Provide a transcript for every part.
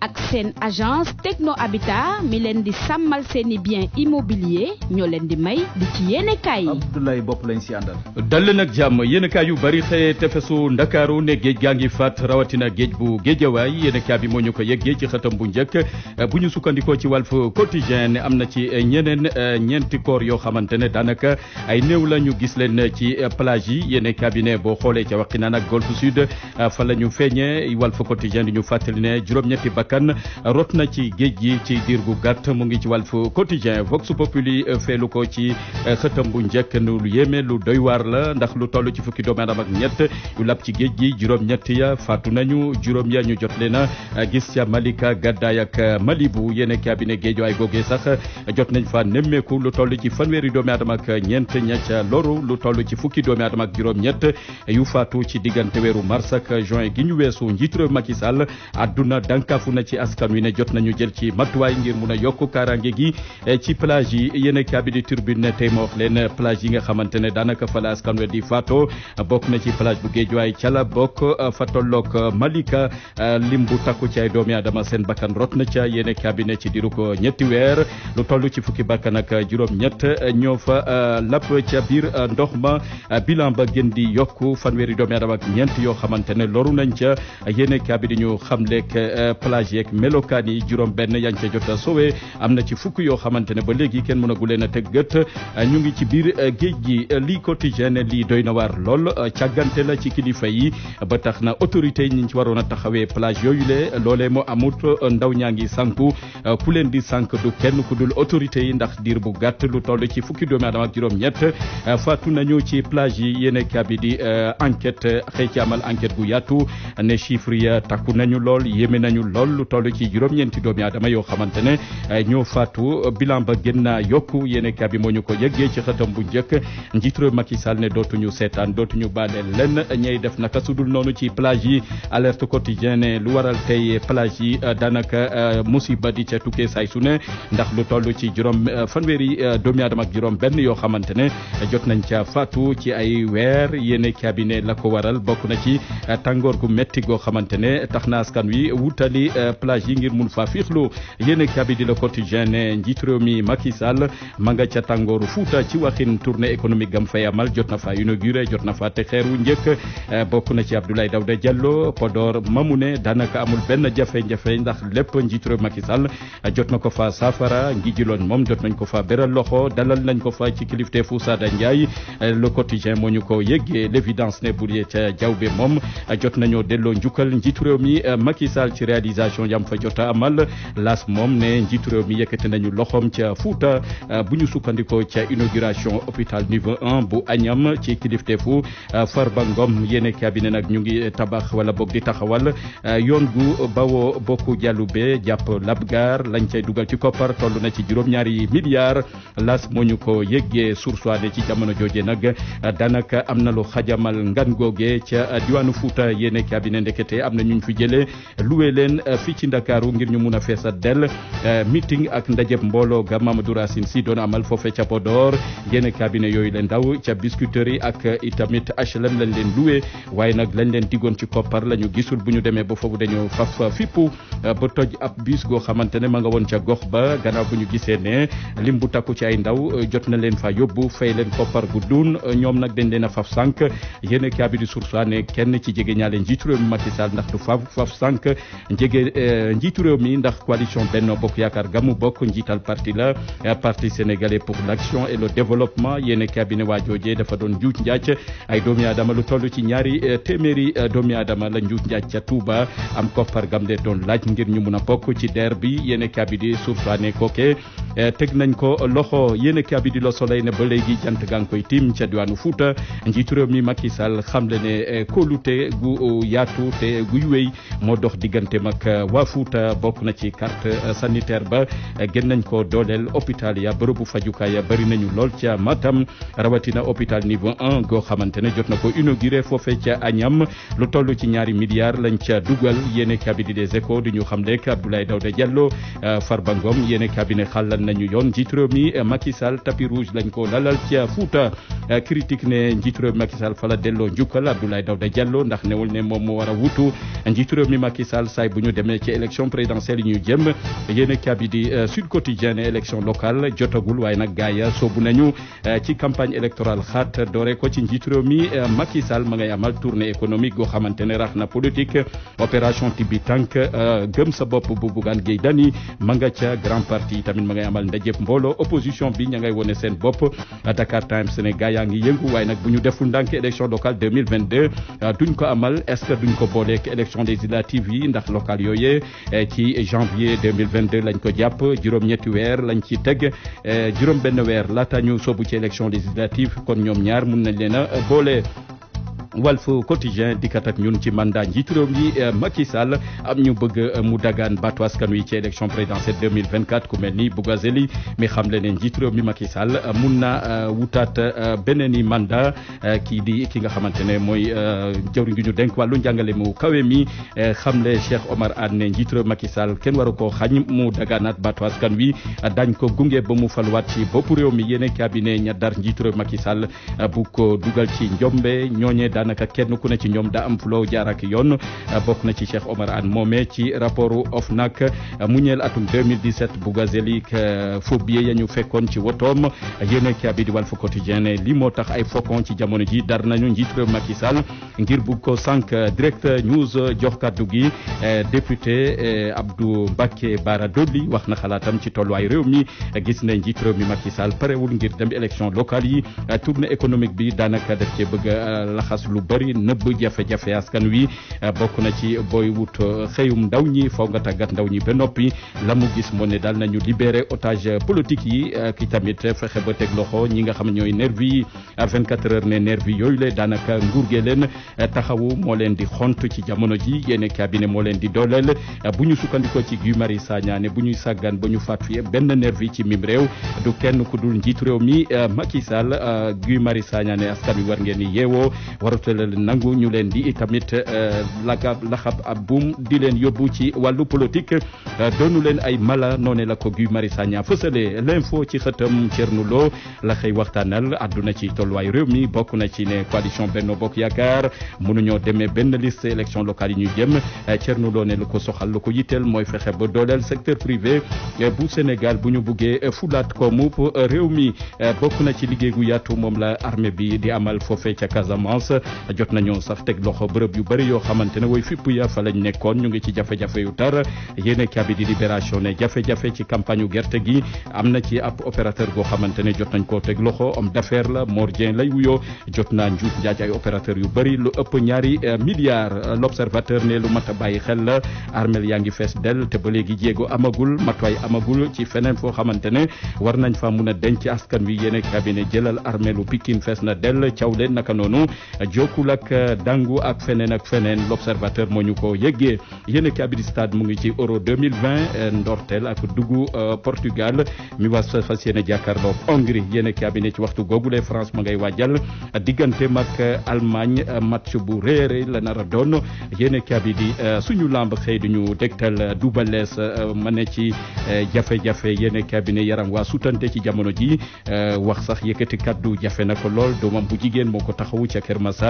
ak seen agence Techno Habitat mi leen di sàmmal seen i bien immobilier ñoo leen di may di ci yéenekaay yi. si àndal. dal leen ak jàmm yéenekaay yu bari xëyee tefesu Ndakaaru ne géej gaa ngi faat rawatina géej bu géejawaay yéenekaay bi moo ñu ko yëggee ci xëtam bu njëkk bu ñu sukkandikoo ci Walf Quotidien am na ci ñeneen ñeenti koor yoo xamante ne daanaka ay néew la ñu gis leen ci plage yi yéenekaay bi boo xoolee ca Wakhinane nag Golf Sud fa la ñu feeñee Walf Quotidien di ñu fàttali ne juróom-ñetti bakkan rot na ci géej gi ci diir gu gàtt mu ngi ci Walf Quotidien Vox Populi eh, feelu ko ci eh, xëtam bu njëkk lu yeme lu doy waar la ndax lu toll ci fukki doomu aadama ñett yu lab ci géej gi juróom-ñett nañu juróom ya ñu jot leen a eh, gis ca Malika Gaddaay ak Malibu yéen cabinet géej waay googee sax jot nañ fa nemmeeku lu toll ci fanweeri doomu aadama ak ñeent ña ca loru lu toll ci fukki doomu aadama ak juróom-ñett yu faatu ci diggante weeru mars juin gi ñu weesu njiitu réew Macky dankafu na na ci askan wi jot nañu jël ci matuwaay ngir mun a yokk kaaraange gi eh, ci plage yi yéen a kaabi di turbine tey ma wax leen eh, plage yi nga xamante daanaka fa la askan wi di faatoo eh, bokk na ci plage bu Géejawaay ca bokk fa tolloog Malika lim takku ci ay doomi aadama seen bakkan rot na ca yéen a kaabi ne ci diiru ko ñetti weer lu toll ci fukki bakkan ak juróom-ñett ñoo fa lapp ca biir ndox ma bilan ba gën di yokku fanweeri doomi aadama ak ñeent yoo xamante ne plage image yeeg melokaan yi juróom benn yaa jot a sowe am na ci fukki yoo xamante ne ba léegi kenn mënagu leen a teg gët ñu ngi ci biir euh, géej gi euh, lii quotidien lii doy na waar lool euh, càggante la ci kilifa yi ba tax na autorité yi ñu ngi ci waroon a taxawee plage yooyu le loolee moo amut ndaw ñaa ngi sànku ku leen di sànk du kenn ku dul autorité yi ndax diir bu gàtt lu toll ci fukki doomi aadama ak juróom-ñett faatu nañu ci plage yi yéen kabi di enquête xëy ci amal enquête gu yaatu ne chiffre takku nañu lool yéeme nañu lool lu toll ci juróom-ñeenti doomi aadama yoo xamante ne ñoo faatu bilan ba gën naa yokku yéene kabi ñu ko yëggee ci xëtam bu njëkk njiitu réew Macky Sall ne dootuñu seetaan dootuñu baale lenn ñey def sudul noonu ci plage yi alerte quotidien ne lu waral tey plage yi euh, daanaka euh, musiba di ca tukkee saay su ne ndax lu toll ci juróom euh, fanweeri doomi aadama ak juróom benn yoo xamante ne jot nañ ca faatu ci ay weer yéene kabi ne waral bokk na ci tàngoor gu metti goo xamante ne tax na askan wi Euh, plage yi ngir mun faa fiixlu yéen kabi di la quotidien ne njiit réew mi Macky Sall ca tàngooru Fuuta ci waxin tournée économique gam fay amal jot na fa inauguré jot fa te xeeru njëkk euh, ci Abdoulaye Daouda Diallo Podor Mamouné daanaka amul benn jafe-jafe ndax lépp njiit réew Macky Sall jot na ko fa safara ngi jiloon moom jot nañ ko fa beral loxo dalal na ko fa ci kilifteefu Sada Ndiaye euh, le quotidien moo ko yëggee l'évidence ne bu dee ca jawbe moom jot nañoo delloo njukkal manifestation yam fa jot a amal las moom ne njiitu réew mi yëkkati nañu loxoom ca Fuuta bu ñu sukkandikoo ca inauguration hôpital niveau 1 bu Agnam ci kilifteefu euh, Farba Ngom yéene cabinet nag ñu ngi tabax wala boog di taxawal euh, yoon gu bawoo bokku be jàpp Labgar lañ cay dugal ci koppar toll na ci juróom-ñaari milliards las moo ñu ko yëggee sursoine ci jamono jooje nag euh, daanaka am na lu xajamal ngan googe ca diwaanu Fuuta yéene cabinet ndekete am na ñu fi jëlee fii ci Ndakaaru ngir ñu mun a feesa del euh, meeting ak ndajeb mbooloo ga Mamadou Racine Sy doon amal foofe ca Podor yéen cabinet yooyu la ndaw ca biscuiterie ak itamit HLM lañ leen loué waaye nag lañ leen digoon ci koppar la ñu gisul bu ñu demee ba foofu dañoo faf fippu euh, ba toj ab bis goo xamante ne ma nga woon ca gox ba gannaaw bu ñu gisee ne lim bu takku ci ay ndaw euh, jot na leen fa yóbbu fay leen koppar gu duun ñoom nag dañ leen a faf sànq yéen cabinet di sursaane kenn ci jege ñaale njiitu réew mi Macky Sall ndax Eh, njiitu réew mi ndax coalition Benno Bokk Yaakaar gamu bokk njiital parti la eh, parti sénégalais pour l'action et le développement yéen cabinet waa joojee dafa doon njuuj njaaj ay doomi aadama lu toll ci ñaari eh, téeméeri doomi aadama la njuuj njaaj ca Touba am koppar gam de doon laaj ngir ñu mun a bokk ci der bi yéen cabinet suuf saane kooke teg nañ ko loxo yéen cabinet Le Soleil ne ba léegi jant gaa ngi koy tiim ca diwaanu Fouta njiitu réew mi Macky Sall xamle ne kóolute gu uh, yaatu te guy wéy moo dox waa Fouta bokk na ci carte sanitaire ba gën nañ ko dooleel hôpital ya bërëbu fajukaay ya bëri nañu lool ca Matam rawatina hôpital niveau 1 goo xamante ne jot na ko inauguré foofee ca Agnam lu toll ci ñaari milliards lañ ca dugal yéen cabinet des échos di ñu xam lekk Abdoulaye Daouda Diallo euh, Farba Ngom yéen cabinet xàllal nañu yoon njiit euh, euh, réew mi Macky Sall tapis lañ ko lalal ca Fouta critique ne njiit réew mi Macky Sall fala delloo njukkal Abdoulaye Daouda Diallo ndax newul ne moom a wutu njiit réew mi jëmee ci élection présidentielle yi ñu jëm yéen a kaabi di euh, Sud Quotidien élection locale jotagul waaye nag gaay soobu nañu euh, ci campagne électorale xaat doore ko ci njiitu réew mi euh, Macky Sall ma ngay amal tournée économique goo xamante ne rax na politique opération Tibi Tank gëm sa bop bu Bougane Gueye Dany ma nga ca grand parti tamit ma amal ndajëb mbooloo opposition bi ña ngay wone seen bopp Dakar Times ne gaay ngi yëngu waaye nag bu ñu deful ndànk élection locale 2022 yi yooyu février eh, ci janvier 2022 lañ ko jàpp juróom-ñetti weer lañ ci teg eh, juróom benn weer laata ñu soobu ci élection législative kon ñoom ñaar mun nañ leen a boole Walf Quotidien dikkat ak ñun ci mandat njiitu réew mi euh, Macky Sall am ñu bëgg euh, mu dagaan baatu askan wi ci élection présidentielle 2024 ku mel ni Bougazeli mi xam le ne njiitu réew mi Macky Sall euh, mun na wutaat beneen i mandat kii di ki nga xamante ne mooy jawriñ gi ñu denk wàllu njàngale mu kawe mi xam le Cheikh Omar Anne ne njiitu réew Macky kenn waru koo xañ mu dagaanaat baatu askan wi dañ ko gunge ba mu faluwaat ci bopp réew mi yéene cabinet ña dar njiitu réew Macky Sall bu ko daanaka kenn ku ne ci ñoom daa am fuloo yoon bokk na ci Cheikh Omar Anne moome ci rapport OFNAC mu ñeel atum 2017 bu gazeli phobie ya ñu fekkoon ci wotoom yéen a bi di Walf Quotidien ne li moo tax ay faucon ci jamono ji dar nañu njiit réew Macky Sall ngir bugg ko sànq direct news jox kaddu gi député eh, Abdou Mbacké Bara Dolly wax na xalaatam ci tolluwaay réew mi gis ne njiit réew mi Macky Sall parewul ngir dem élection locale yi tournée économique bi daanaka def lu bëri nëbb jafe-jafe askan wi eh, bokk na ci boy wut eh, xëyum ndaw ñi faw nga tàggat ndaw ñi ba noppi la mu gis moo ne daal nañu libéré otage politique yi eh, ki tamit fexe ba teg loxo ñi nga xam ñooy nervi yi 24 heures ne nervi yooyu la daanaka nguur gee leen taxawu moo leen di xont ci jamono ji yéen cabinet moo leen di dooleel bu ñu sukkandikoo ci Guy Marius Sagna ne bu ñuy sàggan ba ñu faat fi benn nervi ci mim réew du kenn ku dul njiitu réew mi Macky Sall Guy Marius Sagna ne askan la nangu ñu leen di tamit euh, lagab laxab ab buum di leen yóbbu ci wàllu politique euh, doonu leen ay mala noone la ko Guy Marius Sagna fësale l'info ci xëtam nu Lo la xëy waxtaanal adduna ci tolluwaay réew mi bokk na ci ne coalition Benno Bokk Yaakaar mënuñoo demee benn liste élection locale yi ñu jëm euh, Thierno Lo ne lu ko soxal lu ko yitteel mooy fexe ba dooleel secteur privé bu Sénégal bu ñu buggee fulaat koomub réew mi bokk na ci liggéey gu yaatu moom la armée bi di amal foofee ca jot nañu sax teg loxo bërëb yu bëri yoo xamante ne way fipp ya fa lañ nekkoon ñu ngi ci jafe-jafe yu tar yéene kabi di libération ne jafe-jafe ci campagne yu gerte gi am na ci ab opérateur goo xamante ne jot nañ koo teg loxo om d'affaires la Mor Dieng lay wuyoo jot naa njuut njaaj ay opérateur yu bëri lu ëpp ñaari euh, milliards l'observateur ne lu mat a bàyyi xel la armel yaa ngi fees del te ba léegi jéego amagul matuwaay amagul ci feneen foo xamante ne war nañ fa mun a denc askan wi yéene kabi ne jëlal armelu Pikine fees na del caw leen naka noonu jokkul ak euh, dangu ak feneen ak feneen l'observateur moo ñu ko yëggee yéen a stade mu ngi ci euro 2020 euh, ndorteel ak duggu euh, Portugal mi was fas yéene jàkkaarloog Hongrie yéen a kaabine ci waxtu googu le France ma ngay waajal diggante mag almaañ match bu réeré la nara a doon yéen a kaabi di suñu lamb xëy duñu dégtal dubalees ma ne ci jafe-jafe yéen a kaabine yaram waa sutante ci jamono ji wax sax yëkkati kaddu jafe na ko lool doomam bu jigéen moo ko taxawu ca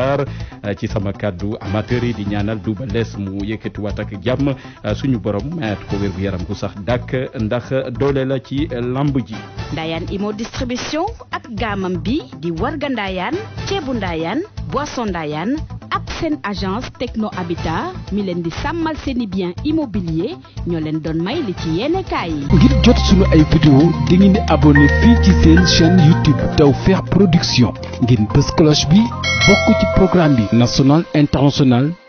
Dakar eh, ci sama kaddu amateur yi di ñaanal Double Less mu yëkkatiwaat ak jàmm eh, suñu borom mayaat ko wér gu yaram gu sax dàkk ndax doole la ci lamb ji. Ndayane Imo distribution ak gaamam bi di warga Ndayane ceebu Ndayane boisson Ndayane. seen agence Techno Habitat mi leen di sàmmal seeni bien immobilier ñoo leen doon may li ci yenn kaay ngir jot suñu ay vidéo di ngeen di abonné fii ci seen chaîne YouTube Tawfekh Production ngeen bës cloche bi bokk ci programme bi national international.